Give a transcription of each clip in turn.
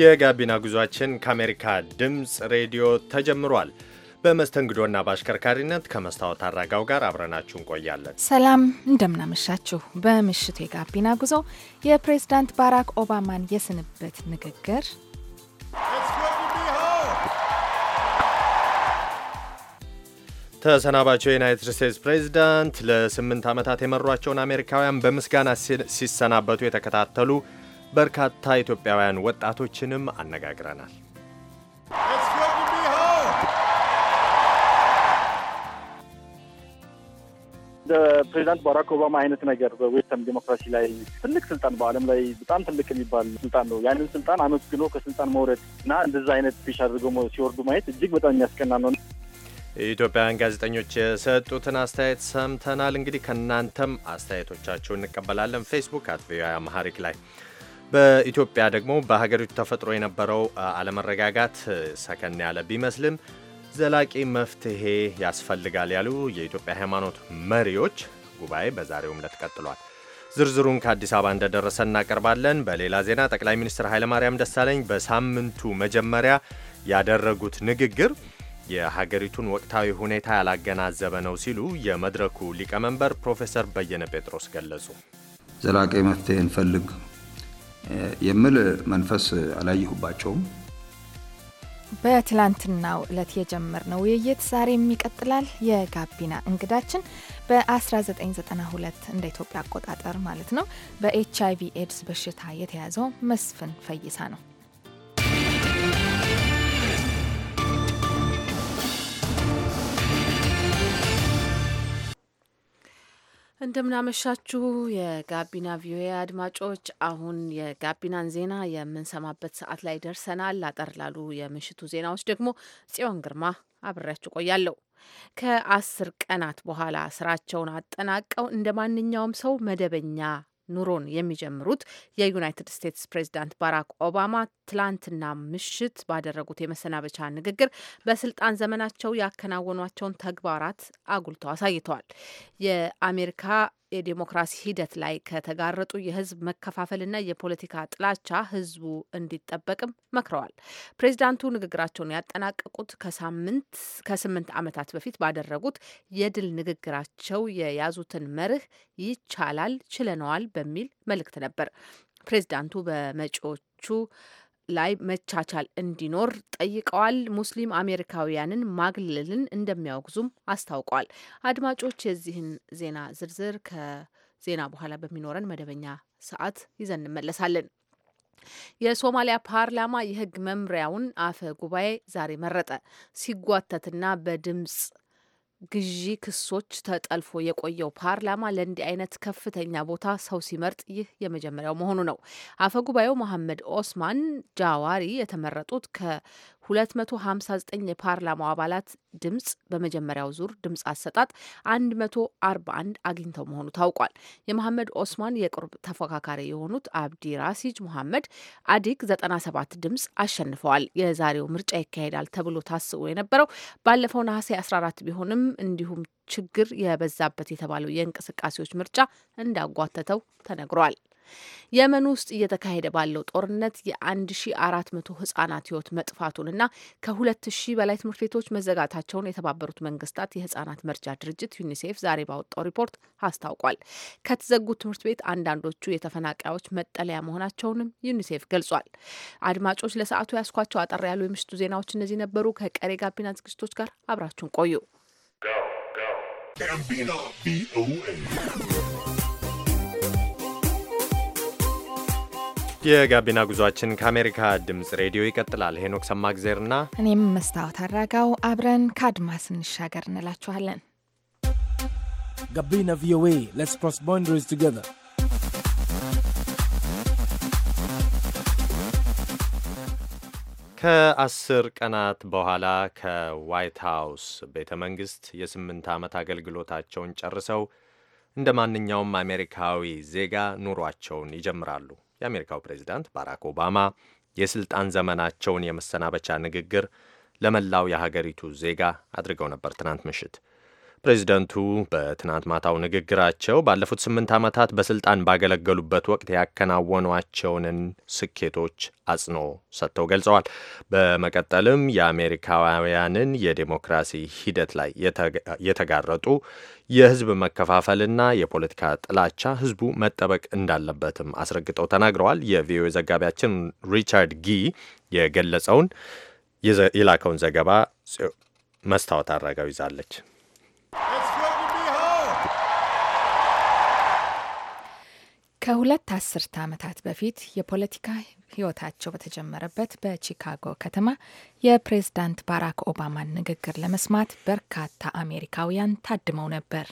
የጋቢና ጉዟችን ከአሜሪካ ድምፅ ሬዲዮ ተጀምሯል። በመስተንግዶና በአሽከርካሪነት ከመስታወት አራጋው ጋር አብረናችሁ እንቆያለን። ሰላም እንደምናመሻችሁ። በምሽቱ የጋቢና ጉዞ የፕሬዝዳንት ባራክ ኦባማን የስንበት ንግግር፣ ተሰናባቸው የዩናይትድ ስቴትስ ፕሬዝዳንት ለስምንት ዓመታት የመሯቸውን አሜሪካውያን በምስጋና ሲሰናበቱ የተከታተሉ በርካታ ኢትዮጵያውያን ወጣቶችንም አነጋግረናል። እንደ ፕሬዚዳንት ባራክ ኦባማ አይነት ነገር በዌስተርን ዴሞክራሲ ላይ ትልቅ ስልጣን በዓለም ላይ በጣም ትልቅ የሚባል ስልጣን ነው። ያንን ስልጣን አመስግኖ ከስልጣን መውረድ እና እንደዛ አይነት ፊሽ አድርገው ሲወርዱ ማየት እጅግ በጣም የሚያስቀና ነው። የኢትዮጵያውያን ጋዜጠኞች የሰጡትን አስተያየት ሰምተናል። እንግዲህ ከእናንተም አስተያየቶቻችሁ እንቀበላለን። ፌስቡክ አት ቪኦኤ አማሃሪክ ላይ በኢትዮጵያ ደግሞ በሀገሪቱ ተፈጥሮ የነበረው አለመረጋጋት ሰከን ያለ ቢመስልም ዘላቂ መፍትሄ ያስፈልጋል ያሉ የኢትዮጵያ ሃይማኖት መሪዎች ጉባኤ በዛሬውም ዕለት ቀጥሏል። ዝርዝሩን ከአዲስ አበባ እንደደረሰ እናቀርባለን። በሌላ ዜና ጠቅላይ ሚኒስትር ኃይለማርያም ደሳለኝ በሳምንቱ መጀመሪያ ያደረጉት ንግግር የሀገሪቱን ወቅታዊ ሁኔታ ያላገናዘበ ነው ሲሉ የመድረኩ ሊቀመንበር ፕሮፌሰር በየነ ጴጥሮስ ገለጹ። ዘላቂ መፍትሄ እንፈልግ የሚል መንፈስ አላየሁባቸውም። በትላንትናው ዕለት የጀመርነው ውይይት ዛሬም ይቀጥላል። የጋቢና እንግዳችን በ1992 እንደ ኢትዮጵያ አቆጣጠር ማለት ነው በኤች አይቪ ኤድስ በሽታ የተያዘው መስፍን ፈይሳ ነው። እንደምናመሻችሁ የጋቢና ቪኦኤ አድማጮች፣ አሁን የጋቢናን ዜና የምንሰማበት ሰዓት ላይ ደርሰናል። አጠር ላሉ የምሽቱ ዜናዎች ደግሞ ጽዮን ግርማ አብሬያችሁ ቆያለሁ። ከአስር ቀናት በኋላ ስራቸውን አጠናቀው እንደ ማንኛውም ሰው መደበኛ ኑሮን የሚጀምሩት የዩናይትድ ስቴትስ ፕሬዚዳንት ባራክ ኦባማ ትላንትና ምሽት ባደረጉት የመሰናበቻ ንግግር በስልጣን ዘመናቸው ያከናወኗቸውን ተግባራት አጉልተው አሳይተዋል። የአሜሪካ የዴሞክራሲ ሂደት ላይ ከተጋረጡ የህዝብ መከፋፈልና የፖለቲካ ጥላቻ ህዝቡ እንዲጠበቅም መክረዋል። ፕሬዚዳንቱ ንግግራቸውን ያጠናቀቁት ከሳምንት ከስምንት ዓመታት በፊት ባደረጉት የድል ንግግራቸው የያዙትን መርህ ይቻላል ችለነዋል በሚል መልእክት ነበር። ፕሬዚዳንቱ በመጪዎቹ ላይ መቻቻል እንዲኖር ጠይቀዋል። ሙስሊም አሜሪካውያንን ማግለልን እንደሚያወግዙም አስታውቋል። አድማጮች የዚህን ዜና ዝርዝር ከዜና በኋላ በሚኖረን መደበኛ ሰዓት ይዘን እንመለሳለን። የሶማሊያ ፓርላማ የህግ መምሪያውን አፈ ጉባኤ ዛሬ መረጠ። ሲጓተትና በድምጽ ግዢ ክሶች ተጠልፎ የቆየው ፓርላማ ለእንዲህ አይነት ከፍተኛ ቦታ ሰው ሲመርጥ ይህ የመጀመሪያው መሆኑ ነው። አፈጉባኤው መሐመድ ኦስማን ጃዋሪ የተመረጡት ከ 259 የፓርላማው አባላት ድምጽ በመጀመሪያው ዙር ድምጽ አሰጣጥ 141 አግኝተው መሆኑ ታውቋል። የመሐመድ ኦስማን የቅርብ ተፎካካሪ የሆኑት አብዲ ራሲጅ መሐመድ አዲግ 97 ድምጽ አሸንፈዋል። የዛሬው ምርጫ ይካሄዳል ተብሎ ታስቦ የነበረው ባለፈው ነሐሴ 14 ቢሆንም እንዲሁም ችግር የበዛበት የተባለው የእንቅስቃሴዎች ምርጫ እንዳጓተተው ተነግሯል። የመን ውስጥ እየተካሄደ ባለው ጦርነት የ1400 ህጻናት ህይወት መጥፋቱንና ከ2000 በላይ ትምህርት ቤቶች መዘጋታቸውን የተባበሩት መንግስታት የህጻናት መርጃ ድርጅት ዩኒሴፍ ዛሬ ባወጣው ሪፖርት አስታውቋል። ከተዘጉት ትምህርት ቤት አንዳንዶቹ የተፈናቃዮች መጠለያ መሆናቸውንም ዩኒሴፍ ገልጿል። አድማጮች ለሰዓቱ ያስኳቸው አጠር ያሉ የምሽቱ ዜናዎች እነዚህ ነበሩ። ከቀሬ ጋቢና ዝግጅቶች ጋር አብራችሁን ቆዩ። የጋቢና ጉዟችን ከአሜሪካ ድምፅ ሬዲዮ ይቀጥላል። ሄኖክ ሰማግዜርና እኔም መስታወት አራጋው አብረን ከአድማስ እንሻገር እንላችኋለን። ጋቢና ቪኦኤ ሌትስ ክሮስ ቦንደሪስ ቱጌዘር። ከአስር ቀናት በኋላ ከዋይት ሀውስ ቤተ መንግስት የስምንት ዓመት አገልግሎታቸውን ጨርሰው እንደ ማንኛውም አሜሪካዊ ዜጋ ኑሯቸውን ይጀምራሉ። የአሜሪካው ፕሬዚዳንት ባራክ ኦባማ የስልጣን ዘመናቸውን የመሰናበቻ ንግግር ለመላው የሀገሪቱ ዜጋ አድርገው ነበር ትናንት ምሽት። ፕሬዚደንቱ በትናንት ማታው ንግግራቸው ባለፉት ስምንት ዓመታት በስልጣን ባገለገሉበት ወቅት ያከናወኗቸውንን ስኬቶች አጽንኦ ሰጥተው ገልጸዋል። በመቀጠልም የአሜሪካውያንን የዴሞክራሲ ሂደት ላይ የተጋረጡ የህዝብ መከፋፈልና የፖለቲካ ጥላቻ ህዝቡ መጠበቅ እንዳለበትም አስረግጠው ተናግረዋል። የቪኦኤ ዘጋቢያችን ሪቻርድ ጊ የገለጸውን የላከውን ዘገባ መስታወት አድረገው ይዛለች። ከሁለት አስርተ ዓመታት በፊት የፖለቲካ ህይወታቸው በተጀመረበት በቺካጎ ከተማ የፕሬዝዳንት ባራክ ኦባማን ንግግር ለመስማት በርካታ አሜሪካውያን ታድመው ነበር።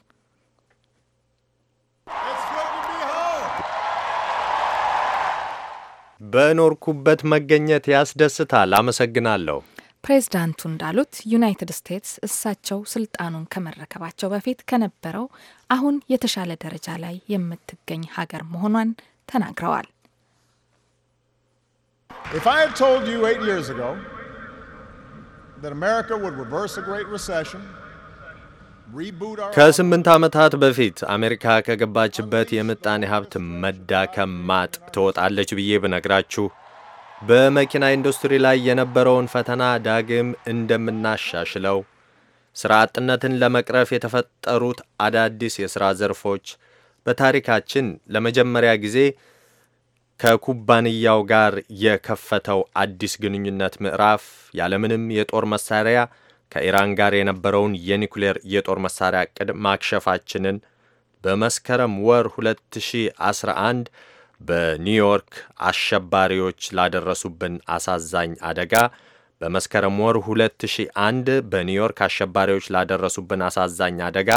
በኖርኩበት መገኘት ያስደስታል። አመሰግናለሁ። ፕሬዝዳንቱ እንዳሉት ዩናይትድ ስቴትስ እሳቸው ስልጣኑን ከመረከባቸው በፊት ከነበረው አሁን የተሻለ ደረጃ ላይ የምትገኝ ሀገር መሆኗን ተናግረዋል። ከስምንት ዓመታት በፊት አሜሪካ ከገባችበት የምጣኔ ሀብት መዳከም ማጥ ትወጣለች ብዬ ብነግራችሁ በመኪና ኢንዱስትሪ ላይ የነበረውን ፈተና ዳግም እንደምናሻሽለው፣ ሥራ አጥነትን ለመቅረፍ የተፈጠሩት አዳዲስ የሥራ ዘርፎች በታሪካችን ለመጀመሪያ ጊዜ ከኩባንያው ጋር የከፈተው አዲስ ግንኙነት ምዕራፍ ያለምንም የጦር መሳሪያ ከኢራን ጋር የነበረውን የኒኩሌር የጦር መሳሪያ ዕቅድ ማክሸፋችንን በመስከረም ወር 2011 በኒውዮርክ አሸባሪዎች ላደረሱብን አሳዛኝ አደጋ በመስከረም ወር 2001 በኒውዮርክ አሸባሪዎች ላደረሱብን አሳዛኝ አደጋ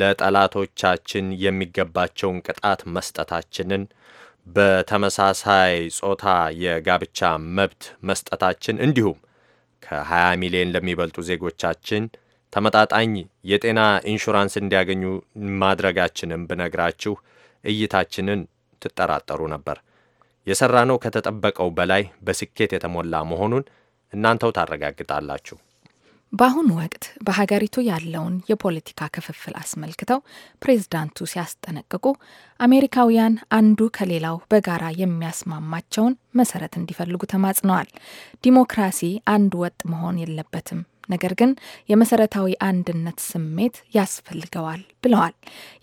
ለጠላቶቻችን የሚገባቸውን ቅጣት መስጠታችንን በተመሳሳይ ጾታ የጋብቻ መብት መስጠታችን እንዲሁም ከ20 ሚሊዮን ለሚበልጡ ዜጎቻችን ተመጣጣኝ የጤና ኢንሹራንስ እንዲያገኙ ማድረጋችንን ብነግራችሁ እይታችንን ትጠራጠሩ ነበር። የሠራነው ከተጠበቀው በላይ በስኬት የተሞላ መሆኑን እናንተው ታረጋግጣላችሁ። በአሁኑ ወቅት በሀገሪቱ ያለውን የፖለቲካ ክፍፍል አስመልክተው ፕሬዝዳንቱ ሲያስጠነቅቁ አሜሪካውያን አንዱ ከሌላው በጋራ የሚያስማማቸውን መሰረት እንዲፈልጉ ተማጽነዋል። ዲሞክራሲ አንድ ወጥ መሆን የለበትም ነገር ግን የመሰረታዊ አንድነት ስሜት ያስፈልገዋል ብለዋል።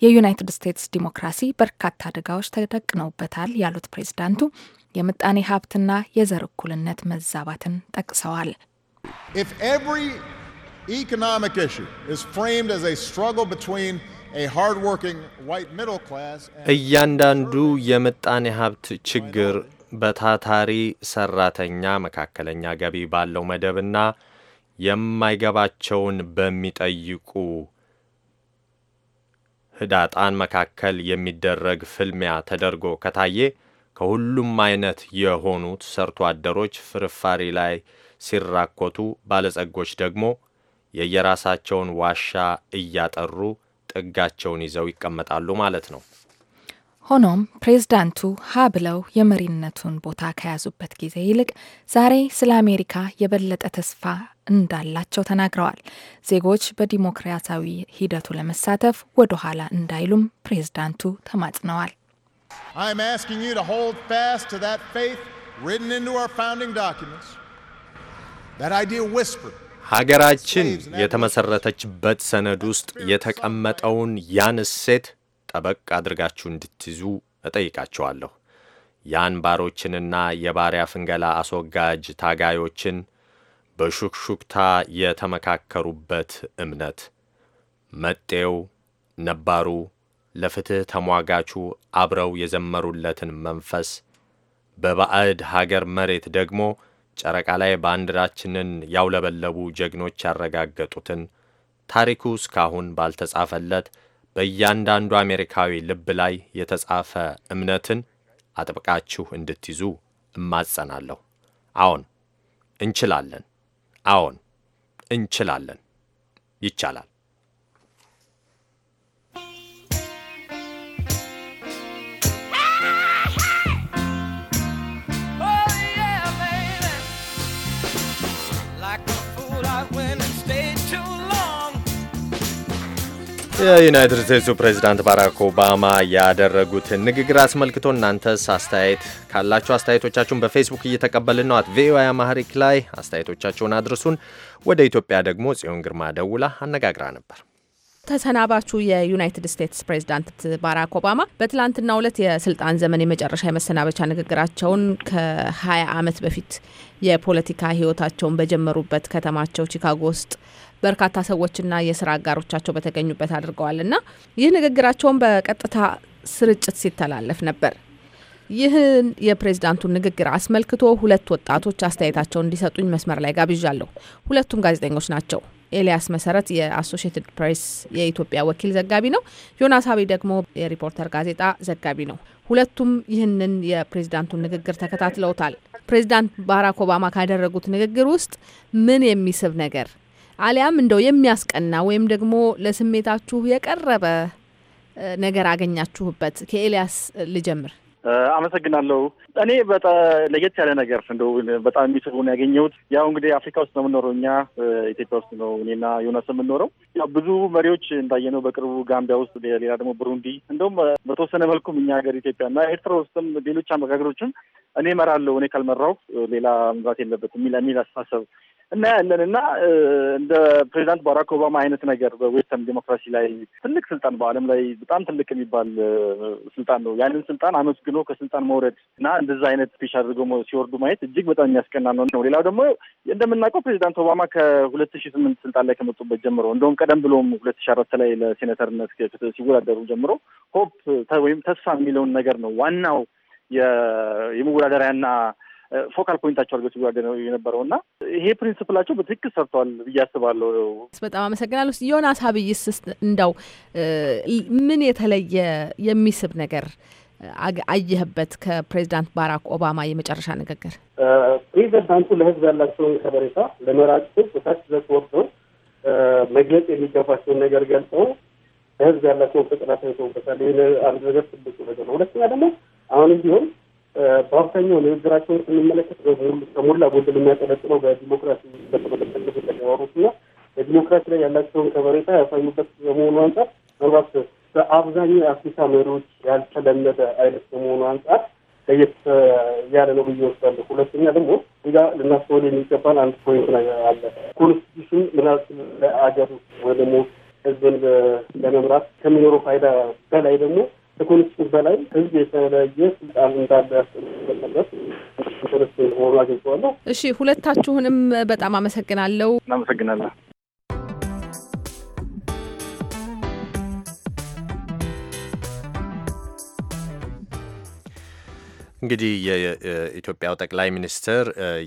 የዩናይትድ ስቴትስ ዲሞክራሲ በርካታ አደጋዎች ተደቅነውበታል ያሉት ፕሬዚዳንቱ የምጣኔ ሀብትና የዘር እኩልነት መዛባትን ጠቅሰዋል። እያንዳንዱ የምጣኔ ሀብት ችግር በታታሪ ሰራተኛ፣ መካከለኛ ገቢ ባለው መደብና የማይገባቸውን በሚጠይቁ ህዳጣን መካከል የሚደረግ ፍልሚያ ተደርጎ ከታየ ከሁሉም አይነት የሆኑት ሰርቶ አደሮች ፍርፋሪ ላይ ሲራኮቱ፣ ባለጸጎች ደግሞ የየራሳቸውን ዋሻ እያጠሩ ጥጋቸውን ይዘው ይቀመጣሉ ማለት ነው። ሆኖም ፕሬዝዳንቱ ሀ ብለው የመሪነቱን ቦታ ከያዙበት ጊዜ ይልቅ ዛሬ ስለ አሜሪካ የበለጠ ተስፋ እንዳላቸው ተናግረዋል። ዜጎች በዲሞክራሲያዊ ሂደቱ ለመሳተፍ ወደ ኋላ እንዳይሉም ፕሬዝዳንቱ ተማጽነዋል። ሀገራችን የተመሰረተችበት ሰነድ ውስጥ የተቀመጠውን ያን እሴት ጠበቅ አድርጋችሁ እንድትይዙ እጠይቃችኋለሁ። የአንባሮችንና የባሪያ ፍንገላ አስወጋጅ ታጋዮችን በሹክሹክታ የተመካከሩበት እምነት መጤው፣ ነባሩ፣ ለፍትሕ ተሟጋቹ አብረው የዘመሩለትን መንፈስ በባዕድ ሀገር መሬት ደግሞ ጨረቃ ላይ ባንዲራችንን ያውለበለቡ ጀግኖች ያረጋገጡትን ታሪኩ እስካሁን ባልተጻፈለት በእያንዳንዱ አሜሪካዊ ልብ ላይ የተጻፈ እምነትን አጥብቃችሁ እንድትይዙ እማጸናለሁ። አዎን እንችላለን። አዎን እንችላለን። ይቻላል። oh, like a fool I went and stayed የዩናይትድ ስቴትሱ ፕሬዚዳንት ባራክ ኦባማ ያደረጉትን ንግግር አስመልክቶ እናንተስ አስተያየት ካላችሁ አስተያየቶቻችሁን በፌስቡክ እየተቀበልን ነው። አት ቪኦኤ አማህሪክ ላይ አስተያየቶቻችሁን አድርሱን። ወደ ኢትዮጵያ ደግሞ ጽዮን ግርማ ደውላ አነጋግራ ነበር። ተሰናባቹ የዩናይትድ ስቴትስ ፕሬዚዳንት ባራክ ኦባማ በትላንትናው ዕለት የስልጣን ዘመን የመጨረሻ የመሰናበቻ ንግግራቸውን ከ20 ዓመት በፊት የፖለቲካ ህይወታቸውን በጀመሩበት ከተማቸው ቺካጎ ውስጥ በርካታ ሰዎችና የስራ አጋሮቻቸው በተገኙበት አድርገዋል እና ይህ ንግግራቸውን በቀጥታ ስርጭት ሲተላለፍ ነበር። ይህን የፕሬዝዳንቱን ንግግር አስመልክቶ ሁለት ወጣቶች አስተያየታቸውን እንዲሰጡኝ መስመር ላይ ጋብዣለሁ። ሁለቱም ጋዜጠኞች ናቸው። ኤልያስ መሰረት የአሶሽትድ ፕሬስ የኢትዮጵያ ወኪል ዘጋቢ ነው። ዮናስ አቤ ደግሞ የሪፖርተር ጋዜጣ ዘጋቢ ነው። ሁለቱም ይህንን የፕሬዝዳንቱን ንግግር ተከታትለውታል። ፕሬዝዳንት ባራክ ኦባማ ካደረጉት ንግግር ውስጥ ምን የሚስብ ነገር አሊያም እንደው የሚያስቀና ወይም ደግሞ ለስሜታችሁ የቀረበ ነገር አገኛችሁበት? ከኤልያስ ልጀምር። አመሰግናለሁ። እኔ ለየት ያለ ነገር እንደው በጣም የሚስቡን ያገኘሁት ያው እንግዲህ አፍሪካ ውስጥ ነው የምኖረው፣ እኛ ኢትዮጵያ ውስጥ ነው እኔና ዮናስ የምኖረው። ያው ብዙ መሪዎች እንዳየነው በቅርቡ ጋምቢያ ውስጥ፣ ሌላ ደግሞ ብሩንዲ፣ እንደውም በተወሰነ መልኩም እኛ ሀገር ኢትዮጵያ ኢትዮጵያና ኤርትራ ውስጥም ሌሎች አመጋገሮችም እኔ እመራለሁ እኔ ካልመራው ሌላ መምራት የለበትም የሚል የሚል አስተሳሰብ እናያለን እና እንደ ፕሬዚዳንት ባራክ ኦባማ አይነት ነገር በዌስተርን ዴሞክራሲ ላይ ትልቅ ስልጣን በዓለም ላይ በጣም ትልቅ የሚባል ስልጣን ነው። ያንን ስልጣን አመስግኖ ከስልጣን መውረድ እና እንደዛ አይነት ፒሽ አድርገው ሲወርዱ ማየት እጅግ በጣም የሚያስቀና ነው። ሌላው ደግሞ እንደምናውቀው ፕሬዚዳንት ኦባማ ከሁለት ሺ ስምንት ስልጣን ላይ ከመጡበት ጀምሮ እንደውም ቀደም ብሎም ሁለት ሺ አራት ላይ ለሴኔተርነት ሲወዳደሩ ጀምሮ ሆፕ ወይም ተስፋ የሚለውን ነገር ነው ዋናው የመወዳደሪያና ፎካል ፖይንታቸው አድርገው ሲዋደ ነው የነበረው እና ይሄ ፕሪንስፕላቸው በትክክል ሰርተዋል ብዬ አስባለሁ። በጣም አመሰግናለሁ። ዮናስ አብይስ እንደው ምን የተለየ የሚስብ ነገር አየህበት ከፕሬዚዳንት ባራክ ኦባማ የመጨረሻ ንግግር? ፕሬዚዳንቱ ለህዝብ ያላቸውን ከበሬታ ለመራጭ ህዝብ ታች ድረስ ወርደው መግለጽ የሚገባቸውን ነገር ገልጸው ለህዝብ ያላቸውን ፍቅር አሳይተውበታል። ይህ አንድ ነገር ትልቁ ነገር ነው። ሁለተኛ ደግሞ አሁንም ቢሆን በአብዛኛው ንግግራቸውን ስንመለከት ከሞላ ጎደል የሚያጠለጥለው በዲሞክራሲ በተመለከተ በዲሞክራሲ ላይ ያላቸውን ከበሬታ ያሳዩበት በመሆኑ አንጻር ምናልባት በአብዛኛው የአፍሪካ መሪዎች ያልተለመደ አይነት በመሆኑ አንጻር ለየት ያለ ነው ብዬ ወስዳለሁ። ሁለተኛ ደግሞ እዛ ልናስተውል የሚገባል አንድ ፖይንት ነገር አለ። ኮንስቲቱሽን ምናልባት ለአገር ወይ ደግሞ ህዝብን ለመምራት ከሚኖረው ፋይዳ በላይ ደግሞ ከኮንስቲቱሽን በላይ ህዝብ የተለያየ ስልጣን እንዳያስጠበት መሰረት መሆኑ አግኝተዋለሁ። እሺ ሁለታችሁንም በጣም አመሰግናለሁ። እናመሰግናለን። እንግዲህ የኢትዮጵያው ጠቅላይ ሚኒስትር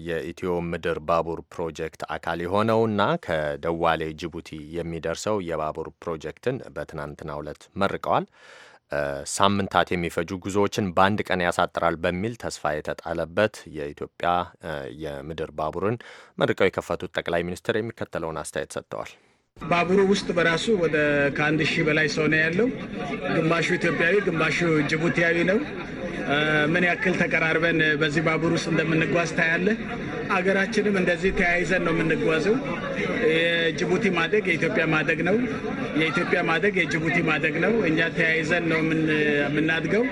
የኢትዮ ምድር ባቡር ፕሮጀክት አካል የሆነውና ከደዋሌ ጅቡቲ የሚደርሰው የባቡር ፕሮጀክትን በትናንትናው ዕለት መርቀዋል። ሳምንታት የሚፈጁ ጉዞዎችን በአንድ ቀን ያሳጥራል በሚል ተስፋ የተጣለበት የኢትዮጵያ የምድር ባቡርን መርቀው የከፈቱት ጠቅላይ ሚኒስትር የሚከተለውን አስተያየት ሰጥተዋል። ባቡሩ ውስጥ በራሱ ወደ ከአንድ ሺህ በላይ ሰው ነው ያለው። ግማሹ ኢትዮጵያዊ፣ ግማሹ ጅቡቲያዊ ነው። ምን ያክል ተቀራርበን በዚህ ባቡር ውስጥ እንደምንጓዝ ታያለህ። አገራችንም እንደዚህ ተያይዘን ነው የምንጓዘው። የጅቡቲ ማደግ የኢትዮጵያ ማደግ ነው። የኢትዮጵያ ማደግ የጅቡቲ ማደግ ነው። እኛ ተያይዘን ነው የምናድገው።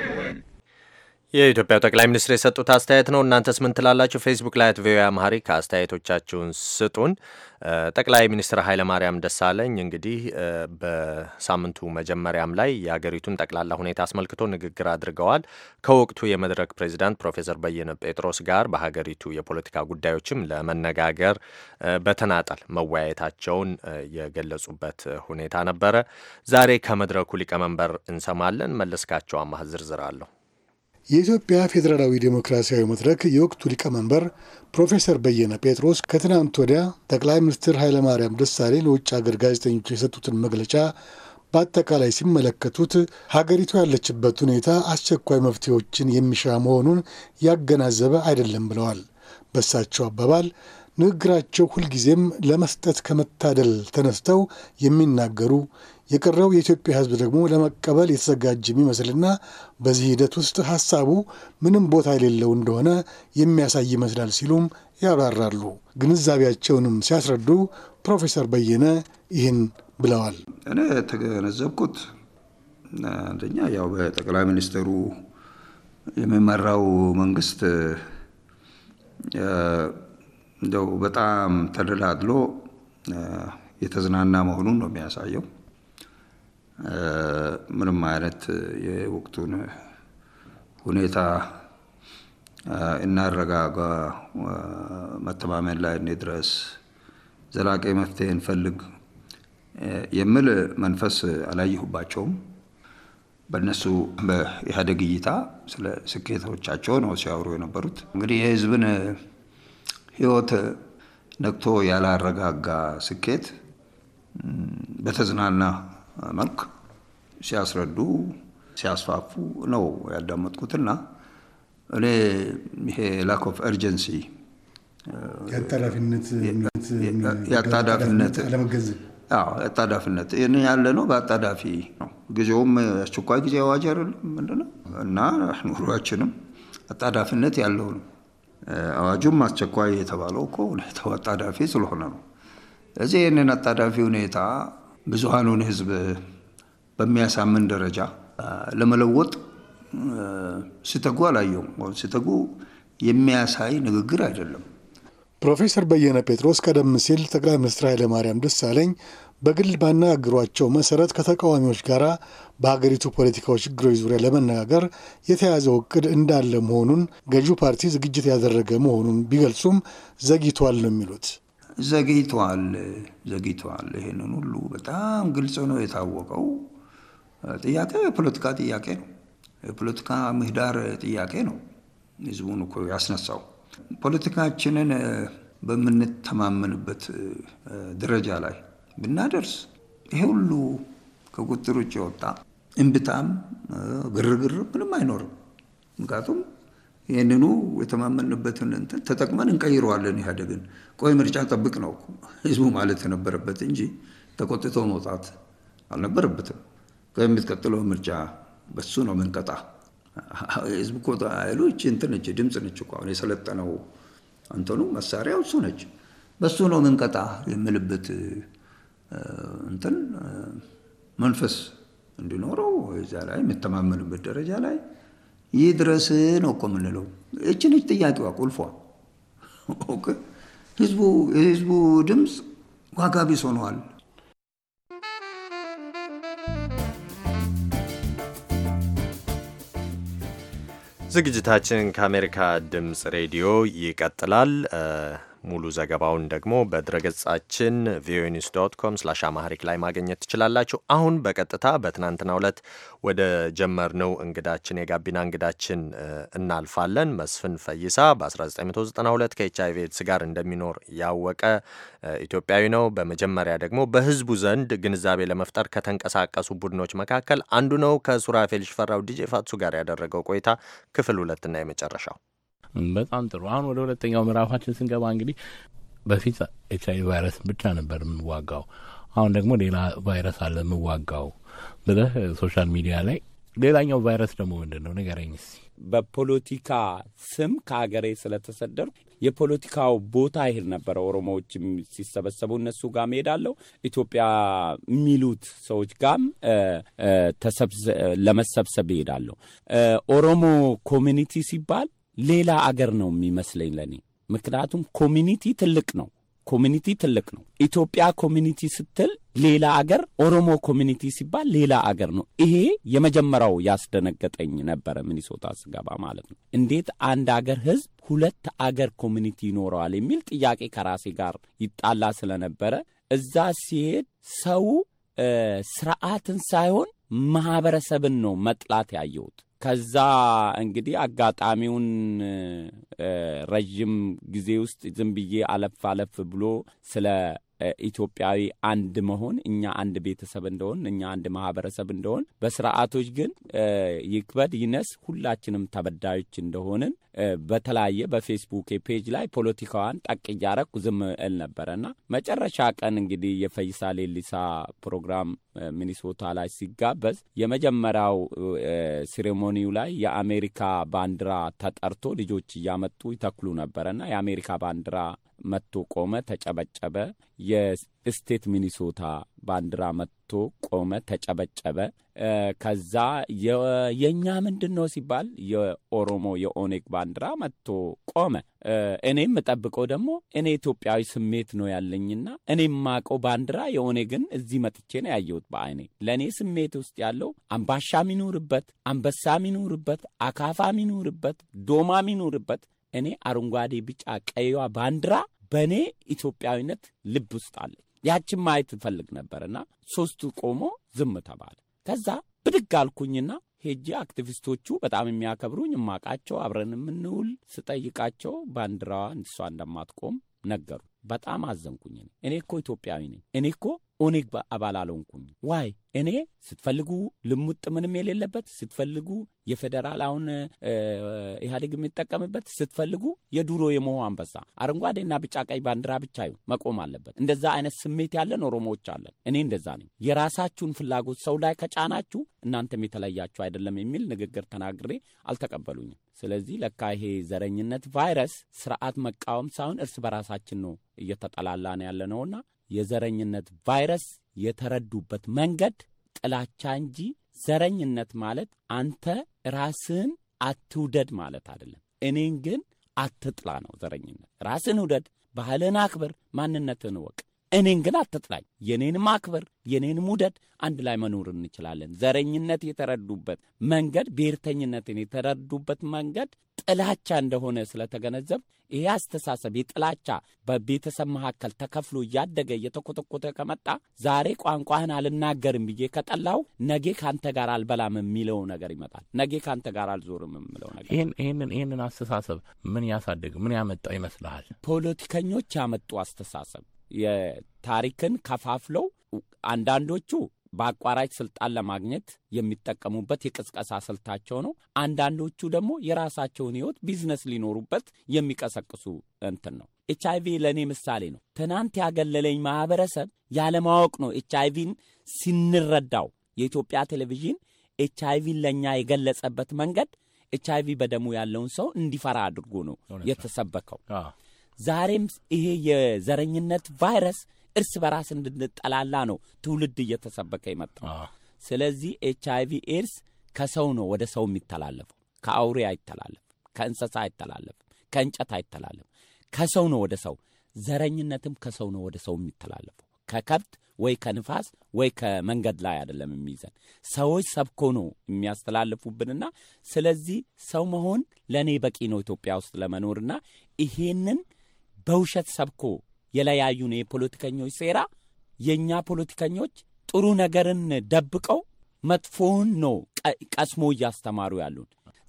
የኢትዮጵያው ጠቅላይ ሚኒስትር የሰጡት አስተያየት ነው። እናንተስ ምን ትላላችሁ? ፌስቡክ ላይ አት ቪኦኤ አማሪክ አስተያየቶቻችሁን ስጡን። ጠቅላይ ሚኒስትር ኃይለማርያም ደሳለኝ እንግዲህ በሳምንቱ መጀመሪያም ላይ የሀገሪቱን ጠቅላላ ሁኔታ አስመልክቶ ንግግር አድርገዋል። ከወቅቱ የመድረክ ፕሬዚዳንት ፕሮፌሰር በየነ ጴጥሮስ ጋር በሀገሪቱ የፖለቲካ ጉዳዮችም ለመነጋገር በተናጠል መወያየታቸውን የገለጹበት ሁኔታ ነበረ። ዛሬ ከመድረኩ ሊቀመንበር እንሰማለን። መለስካቸው አማህ ዝርዝር አለሁ የኢትዮጵያ ፌዴራላዊ ዴሞክራሲያዊ መድረክ የወቅቱ ሊቀመንበር ፕሮፌሰር በየነ ጴጥሮስ ከትናንት ወዲያ ጠቅላይ ሚኒስትር ኃይለማርያም ደሳሌ ለውጭ ሀገር ጋዜጠኞች የሰጡትን መግለጫ በአጠቃላይ ሲመለከቱት ሀገሪቱ ያለችበት ሁኔታ አስቸኳይ መፍትሄዎችን የሚሻ መሆኑን ያገናዘበ አይደለም ብለዋል። በሳቸው አባባል ንግግራቸው ሁልጊዜም ለመስጠት ከመታደል ተነስተው የሚናገሩ የቀረው የኢትዮጵያ ሕዝብ ደግሞ ለመቀበል የተዘጋጀ የሚመስልና በዚህ ሂደት ውስጥ ሀሳቡ ምንም ቦታ የሌለው እንደሆነ የሚያሳይ ይመስላል ሲሉም ያብራራሉ። ግንዛቤያቸውንም ሲያስረዱ ፕሮፌሰር በየነ ይህን ብለዋል። እኔ የተገነዘብኩት አንደኛ ያው በጠቅላይ ሚኒስትሩ የሚመራው መንግስት እንደው በጣም ተደላድሎ የተዝናና መሆኑን ነው የሚያሳየው። ምንም አይነት የወቅቱን ሁኔታ እናረጋጋ፣ መተማመን ላይ እንድረስ፣ ዘላቂ መፍትሄ እንፈልግ የሚል መንፈስ አላየሁባቸውም። በእነሱ በኢህአዴግ እይታ ስለ ስኬቶቻቸው ነው ሲያወሩ የነበሩት። እንግዲህ የህዝብን ህይወት ነቅቶ ያላረጋጋ ስኬት በተዝናና መልክ ሲያስረዱ ሲያስፋፉ ነው ያዳመጥኩትና እኔ ይሄ ላክ ኦፍ ኤርጀንሲ የአጣዳፊነት አጣዳፊነት ይህን ያለ ነው። በአጣዳፊ ነው። ጊዜውም አስቸኳይ ጊዜ አዋጅ አይደለም ምንድነው እና ኑሯችንም አጣዳፊነት ያለው ነው። አዋጁም አስቸኳይ የተባለው እኮ ሁኔታው አጣዳፊ ስለሆነ ነው። ስለዚህ ይህንን አጣዳፊ ሁኔታ ብዙሃኑን ህዝብ በሚያሳምን ደረጃ ለመለወጥ ሲተጉ አላየውም። ሲተጉ የሚያሳይ ንግግር አይደለም። ፕሮፌሰር በየነ ጴጥሮስ ቀደም ሲል ጠቅላይ ሚኒስትር ኃይለማርያም ደሳለኝ በግል ባነጋግሯቸው መሰረት ከተቃዋሚዎች ጋር በሀገሪቱ ፖለቲካዊ ችግሮች ዙሪያ ለመነጋገር የተያዘው እቅድ እንዳለ መሆኑን ገዢው ፓርቲ ዝግጅት ያደረገ መሆኑን ቢገልጹም ዘግይቷል ነው የሚሉት ዘግይተዋል ዘግይተዋል። ይህንን ሁሉ በጣም ግልጽ ነው የታወቀው። ጥያቄ የፖለቲካ ጥያቄ ነው። የፖለቲካ ምህዳር ጥያቄ ነው። ህዝቡን እኮ ያስነሳው ፖለቲካችንን በምንተማመንበት ደረጃ ላይ ብናደርስ ይሄ ሁሉ ከቁጥር ውጭ የወጣ እምብታም ግርግር ምንም አይኖርም። ምክንያቱም ይህንኑ የተማመንበትን እንትን ተጠቅመን እንቀይረዋለን ኢህአዴግን። ቆይ ምርጫ ጠብቅ ነው ህዝቡ ማለት የነበረበት እንጂ ተቆጥቶ መውጣት አልነበረበትም። የምትቀጥለው ምርጫ በሱ ነው መንቀጣ ህዝቡ እኮ ኃይሉ እቺ እንትን ድምፅ ነች እኮ አሁን የሰለጠነው እንትኑ መሳሪያው እሱ ነች። በሱ ነው መንቀጣ የምልበት እንትን መንፈስ እንዲኖረው እዚያ ላይ የምተማመንበት ደረጃ ላይ ይህ ድረስ ነው እኮ የምንለው። እችንች ጥያቄዋ ቁልፏ። ህዝቡ የህዝቡ ድምፅ ዋጋ ቢስ ሆነዋል። ዝግጅታችን ከአሜሪካ ድምፅ ሬዲዮ ይቀጥላል። ሙሉ ዘገባውን ደግሞ በድረገጻችን ቪኦኤ ኒውስ ዶት ኮም ስላሽ አማሪክ ላይ ማግኘት ትችላላችሁ። አሁን በቀጥታ በትናንትናው ዕለት ወደ ጀመርነው እንግዳችን የጋቢና እንግዳችን እናልፋለን። መስፍን ፈይሳ በ1992 ከኤች አይቪ ኤድስ ጋር እንደሚኖር ያወቀ ኢትዮጵያዊ ነው። በመጀመሪያ ደግሞ በህዝቡ ዘንድ ግንዛቤ ለመፍጠር ከተንቀሳቀሱ ቡድኖች መካከል አንዱ ነው። ከሱራፌል ሽፈራው ዲጄ ፋትሱ ጋር ያደረገው ቆይታ ክፍል ሁለትና የመጨረሻው በጣም ጥሩ። አሁን ወደ ሁለተኛው ምዕራፋችን ስንገባ እንግዲህ በፊት ኤች አይቪ ቫይረስ ብቻ ነበር የምዋጋው፣ አሁን ደግሞ ሌላ ቫይረስ አለ የምዋጋው ብለህ ሶሻል ሚዲያ ላይ ሌላኛው ቫይረስ ደግሞ ምንድን ነው ንገረኝ እስኪ። በፖለቲካ ስም ከሀገሬ ስለተሰደርኩ የፖለቲካው ቦታ ይሄድ ነበረ። ኦሮሞዎች ሲሰበሰቡ እነሱ ጋር መሄዳለሁ፣ ኢትዮጵያ የሚሉት ሰዎች ጋም ለመሰብሰብ ይሄዳለሁ ኦሮሞ ኮሚኒቲ ሲባል ሌላ አገር ነው የሚመስለኝ ለእኔ። ምክንያቱም ኮሚኒቲ ትልቅ ነው። ኮሚኒቲ ትልቅ ነው። ኢትዮጵያ ኮሚኒቲ ስትል ሌላ አገር፣ ኦሮሞ ኮሚኒቲ ሲባል ሌላ አገር ነው። ይሄ የመጀመሪያው ያስደነገጠኝ ነበረ ሚኒሶታ ስገባ ማለት ነው። እንዴት አንድ አገር ህዝብ ሁለት አገር ኮሚኒቲ ይኖረዋል የሚል ጥያቄ ከራሴ ጋር ይጣላ ስለነበረ እዛ ሲሄድ ሰው ስርዓትን ሳይሆን ማህበረሰብን ነው መጥላት ያየሁት። ከዛ እንግዲህ አጋጣሚውን ረዥም ጊዜ ውስጥ ዝም ብዬ አለፍ አለፍ ብሎ ስለ ኢትዮጵያዊ አንድ መሆን እኛ አንድ ቤተሰብ እንደሆን እኛ አንድ ማህበረሰብ እንደሆን በስርዓቶች ግን ይክበድ ይነስ ሁላችንም ተበዳዮች እንደሆንን በተለያየ በፌስቡክ ፔጅ ላይ ፖለቲካዋን ጠቅ እያረኩ ዝም እል ነበረና መጨረሻ ቀን እንግዲህ የፈይሳ ሌሊሳ ፕሮግራም ሚኒሶታ ላይ ሲጋበዝ የመጀመሪያው ሴሬሞኒው ላይ የአሜሪካ ባንዲራ ተጠርቶ ልጆች እያመጡ ይተክሉ ነበረና የአሜሪካ ባንዲራ መጥቶ ቆመ፣ ተጨበጨበ። የስቴት ሚኒሶታ ባንዲራ መጥቶ ቆመ፣ ተጨበጨበ። ከዛ የእኛ ምንድን ነው ሲባል የኦሮሞ የኦኔግ ባንዲራ መጥቶ ቆመ። እኔም የምጠብቀው ደግሞ እኔ ኢትዮጵያዊ ስሜት ነው ያለኝና እኔም የማውቀው ባንዲራ የኦኔግን እዚህ መጥቼ ነው ያየሁት በአይኔ። ለእኔ ስሜት ውስጥ ያለው አምባሻ ሚኖርበት፣ አንበሳ ሚኖርበት፣ አካፋ ሚኖርበት፣ ዶማ ሚኖርበት እኔ አረንጓዴ፣ ቢጫ፣ ቀይዋ ባንዲራ በእኔ ኢትዮጵያዊነት ልብ ውስጥ አለ። ያችን ማየት እፈልግ ነበርና ሶስቱ ቆሞ ዝም ተባለ። ከዛ ብድግ አልኩኝና ሄጄ አክቲቪስቶቹ በጣም የሚያከብሩኝ እማቃቸው አብረን የምንውል ስጠይቃቸው ባንዲራዋ እንሷ እንደማትቆም ነገሩ። በጣም አዘንኩኝ። እኔ እኮ ኢትዮጵያዊ ነኝ። እኔ እኮ ኦኔግ አባል አልሆንኩም። ዋይ እኔ ስትፈልጉ ልሙጥ ምንም የሌለበት ስትፈልጉ የፌዴራል አሁን ኢህአዴግ የሚጠቀምበት ስትፈልጉ የዱሮ የመሆ አንበሳ አረንጓዴና ቢጫ ቀይ ባንዲራ ብቻ መቆም አለበት። እንደዛ አይነት ስሜት ያለን ኦሮሞዎች አለን። እኔ እንደዛ ነኝ። የራሳችሁን ፍላጎት ሰው ላይ ከጫናችሁ እናንተም የተለያችሁ አይደለም የሚል ንግግር ተናግሬ አልተቀበሉኝም። ስለዚህ ለካ ይሄ ዘረኝነት ቫይረስ ስርዓት መቃወም ሳይሆን እርስ በራሳችን ነው እየተጠላላን ያለ ነውና የዘረኝነት ቫይረስ የተረዱበት መንገድ ጥላቻ እንጂ ዘረኝነት ማለት አንተ ራስህን አትውደድ ማለት አይደለም። እኔን ግን አትጥላ ነው ዘረኝነት። ራስህን ውደድ፣ ባህልን አክብር፣ ማንነትህን እወቅ። እኔን ግን አትጥላኝ፣ የኔን ማክበር፣ የኔን ውደድ፣ አንድ ላይ መኖር እንችላለን። ዘረኝነት የተረዱበት መንገድ፣ ብሔርተኝነትን የተረዱበት መንገድ ጥላቻ እንደሆነ ስለተገነዘብ ይህ አስተሳሰብ የጥላቻ በቤተሰብ መካከል ተከፍሎ እያደገ እየተኮተኮተ ከመጣ ዛሬ ቋንቋህን አልናገርም ብዬ ከጠላው ነጌ ካንተ ጋር አልበላም የሚለው ነገር ይመጣል። ነጌ ካንተ ጋር አልዞርም የሚለው ነገር ይህንን ይህንን አስተሳሰብ ምን ያሳደግ ምን ያመጣው ይመስልሃል? ፖለቲከኞች ያመጡ አስተሳሰብ ታሪክን ከፋፍለው አንዳንዶቹ በአቋራጭ ስልጣን ለማግኘት የሚጠቀሙበት የቅስቀሳ ስልታቸው ነው። አንዳንዶቹ ደግሞ የራሳቸውን ህይወት ቢዝነስ ሊኖሩበት የሚቀሰቅሱ እንትን ነው። ኤች አይቪ ለእኔ ምሳሌ ነው። ትናንት ያገለለኝ ማህበረሰብ ያለማወቅ ነው። ኤች አይ ቪን ሲንረዳው የኢትዮጵያ ቴሌቪዥን ኤች አይ ቪን ለእኛ የገለጸበት መንገድ ኤች ቪ በደሙ ያለውን ሰው እንዲፈራ አድርጎ ነው የተሰበከው። ዛሬም ይሄ የዘረኝነት ቫይረስ እርስ በራስ እንድንጠላላ ነው ትውልድ እየተሰበከ ይመጣ። ስለዚህ ኤች አይቪ ኤድስ ከሰው ነው ወደ ሰው የሚተላለፈው። ከአውሬ አይተላለፍም፣ ከእንስሳ አይተላለፍም፣ ከእንጨት አይተላለፍም። ከሰው ነው ወደ ሰው። ዘረኝነትም ከሰው ነው ወደ ሰው የሚተላለፈው። ከከብት ወይ ከንፋስ ወይ ከመንገድ ላይ አይደለም የሚይዘን። ሰዎች ሰብኮ ነው የሚያስተላልፉብንና ስለዚህ ሰው መሆን ለእኔ በቂ ነው ኢትዮጵያ ውስጥ ለመኖርና ይሄንን በውሸት ሰብኮ የለያዩን የፖለቲከኞች ሴራ የእኛ ፖለቲከኞች ጥሩ ነገርን ደብቀው መጥፎውን ነው ቀስሞ እያስተማሩ ያሉን።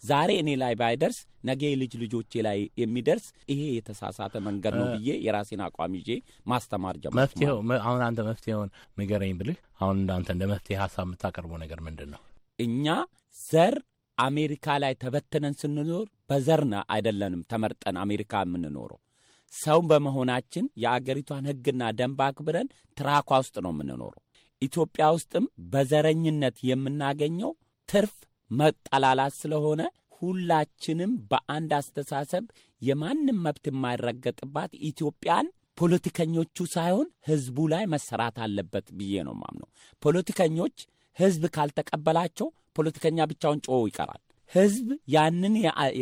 ዛሬ እኔ ላይ ባይደርስ ነገ የልጅ ልጆቼ ላይ የሚደርስ ይሄ የተሳሳተ መንገድ ነው ብዬ የራሴን አቋም ይዤ ማስተማር ጀመርኩ። መፍትሄው አሁን አንተ መፍትሄውን ንገረኝ ብልህ አሁን እንዳንተ እንደ መፍትሄ ሀሳብ የምታቀርበው ነገር ምንድን ነው? እኛ ዘር አሜሪካ ላይ ተበትነን ስንኖር በዘር አይደለንም ተመርጠን አሜሪካ የምንኖረው ሰው በመሆናችን የአገሪቷን ሕግና ደንብ አክብረን ትራኳ ውስጥ ነው የምንኖረው። ኢትዮጵያ ውስጥም በዘረኝነት የምናገኘው ትርፍ መጠላላት ስለሆነ ሁላችንም በአንድ አስተሳሰብ የማንም መብት የማይረገጥባት ኢትዮጵያን ፖለቲከኞቹ ሳይሆን ህዝቡ ላይ መሰራት አለበት ብዬ ነው ማምነው። ፖለቲከኞች ህዝብ ካልተቀበላቸው ፖለቲከኛ ብቻውን ጮ ይቀራል። ህዝብ ያንን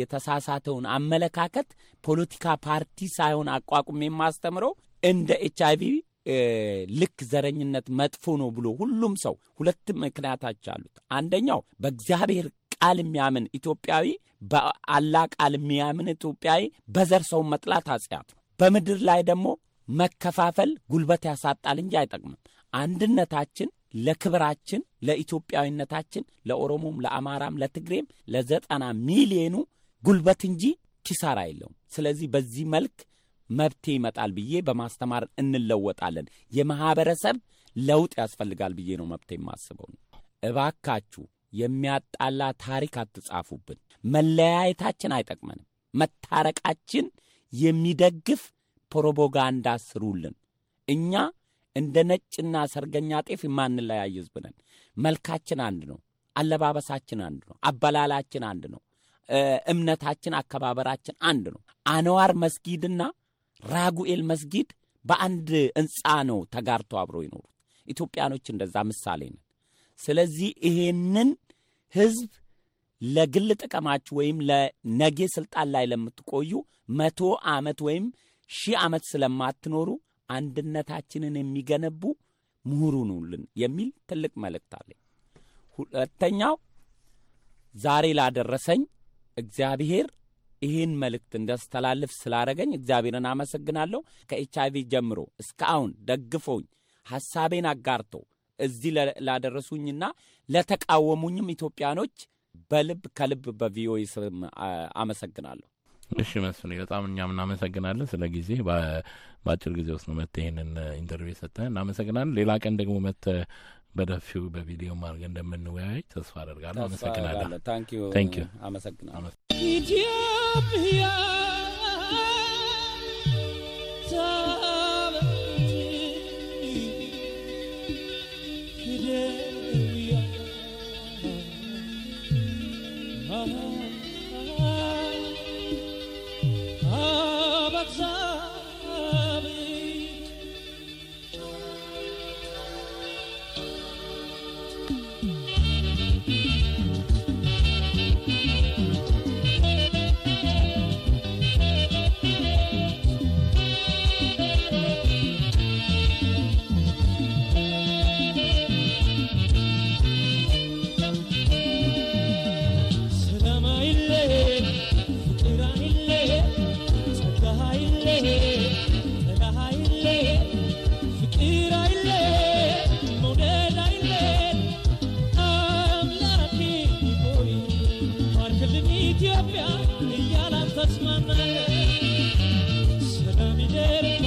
የተሳሳተውን አመለካከት ፖለቲካ ፓርቲ ሳይሆን አቋቁም የማስተምረው እንደ ኤች አይቪ ልክ ዘረኝነት መጥፎ ነው ብሎ ሁሉም ሰው ሁለት ምክንያታች አሉት። አንደኛው በእግዚአብሔር ቃል የሚያምን ኢትዮጵያዊ፣ በአላ ቃል የሚያምን ኢትዮጵያዊ በዘር ሰው መጥላት ኃጢአት ነው። በምድር ላይ ደግሞ መከፋፈል ጉልበት ያሳጣል እንጂ አይጠቅምም። አንድነታችን ለክብራችን፣ ለኢትዮጵያዊነታችን፣ ለኦሮሞም፣ ለአማራም፣ ለትግሬም ለዘጠና ሚሊዮኑ ጉልበት እንጂ ኪሳራ የለውም። ስለዚህ በዚህ መልክ መብቴ ይመጣል ብዬ በማስተማር እንለወጣለን። የማህበረሰብ ለውጥ ያስፈልጋል ብዬ ነው መብቴ የማስበው። እባካችሁ የሚያጣላ ታሪክ አትጻፉብን። መለያየታችን አይጠቅመንም። መታረቃችን የሚደግፍ ፕሮፓጋንዳ ስሩልን። እኛ እንደ ነጭና ሰርገኛ ጤፍ የማንለያይ ህዝብ ነን። መልካችን አንድ ነው። አለባበሳችን አንድ ነው። አበላላችን አንድ ነው። እምነታችን፣ አከባበራችን አንድ ነው። አነዋር መስጊድና ራጉኤል መስጊድ በአንድ ህንፃ ነው ተጋርተው አብረው ይኖሩት። ኢትዮጵያኖች እንደዛ ምሳሌ ነን። ስለዚህ ይሄንን ህዝብ ለግል ጥቅማችሁ ወይም ለነጌ ስልጣን ላይ ለምትቆዩ መቶ ዓመት ወይም ሺህ ዓመት ስለማትኖሩ አንድነታችንን የሚገነቡ ምሁሩ የሚል ትልቅ መልእክት አለኝ። ሁለተኛው ዛሬ ላደረሰኝ እግዚአብሔር ይህን መልእክት እንዳስተላልፍ ስላደረገኝ እግዚአብሔርን አመሰግናለሁ። ከኤች አይቪ ጀምሮ አሁን ደግፎኝ ሐሳቤን አጋርቶ እዚህ ላደረሱኝና ለተቃወሙኝም ኢትዮጵያኖች በልብ ከልብ በቪኦኤ ስም አመሰግናለሁ። እሺ መስፍን በጣም እኛም እናመሰግናለን ስለ ጊዜ። በአጭር ጊዜ ውስጥ ነው መጥተህ ይህንን ኢንተርቪው የሰጠህ፣ እናመሰግናለን። ሌላ ቀን ደግሞ መጥተህ በደፊው በቪዲዮ አድርገህ እንደምንወያይ ተስፋ አደርጋለሁ። አመሰግናለሁ። አመሰግናለሁ። ማረፊያ እያላን ተስማማ ሰላም ይደርባ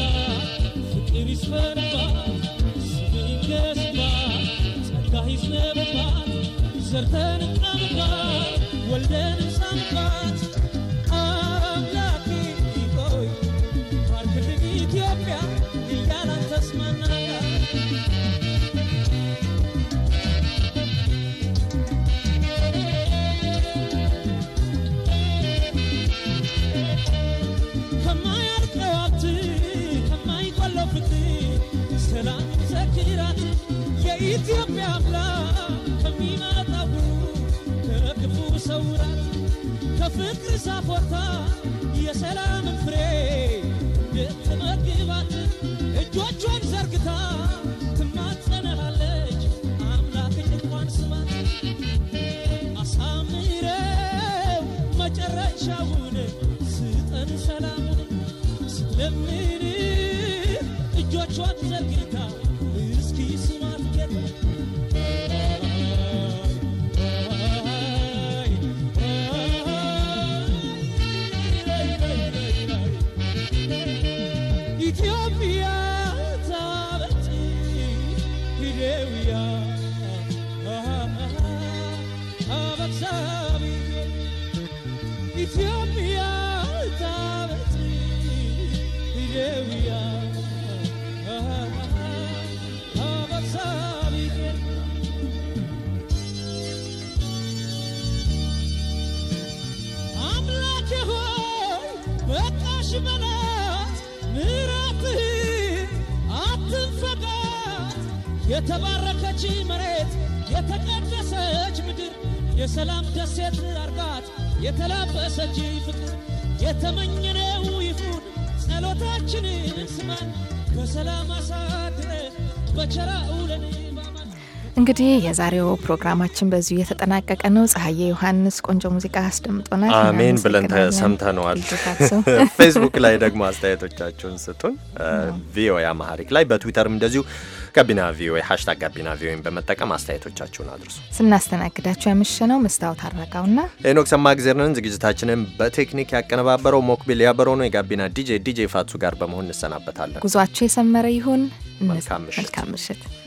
ፍቅር ይስፈንባ ስም ይገስባ ጸጋ ይዝነባ ዘርተን እናብባ ወልደን እንሳንባ የኢትዮጵያ አምላክ ከሚመጣው ከክፉ ሰውራት ከፍቅር ሳፎታ የሰላምን ፍሬ ልትመግባት እጆቿን ዘርግታ ትማጸነሃለች። አምላክን እንኳን ስማት አሳምረው መጨረሻውን ስጠን ሰላምን ስለምን እጆቿን ዘርግታ የተባረከች መሬት የተቀደሰች ምድር የሰላም ደሴት አርጋት የተላበሰች ፍቅር የተመኘነው ይሁን ጸሎታችንን ስማን በሰላም አሳድረ በቸራው ውለን እንግዲህ የዛሬው ፕሮግራማችን በዚሁ እየተጠናቀቀ ነው። ፀሐዬ ዮሐንስ ቆንጆ ሙዚቃ አስደምጦናል። አሜን ብለን ሰምተነዋል። ፌስቡክ ላይ ደግሞ አስተያየቶቻችሁን ስጡን። ቪኦኤ አማሪክ ላይ በትዊተርም እንደዚሁ ጋቢና ቪኦኤ ሃሽታግ ጋቢና ቪኦኤን በመጠቀም አስተያየቶቻችሁን አድርሱ። ስናስተናግዳችሁ ያመሸነው መስታወት አረጋውና ሰማ ሰማእግዜርንን ዝግጅታችንን በቴክኒክ ያቀነባበረው ሞክቢል ያበረው ነው። የጋቢና ዲጄ ዲጄ ፋቱ ጋር በመሆን እንሰናበታለን። ጉዟችሁ የሰመረ ይሁን። መልካም ምሽት።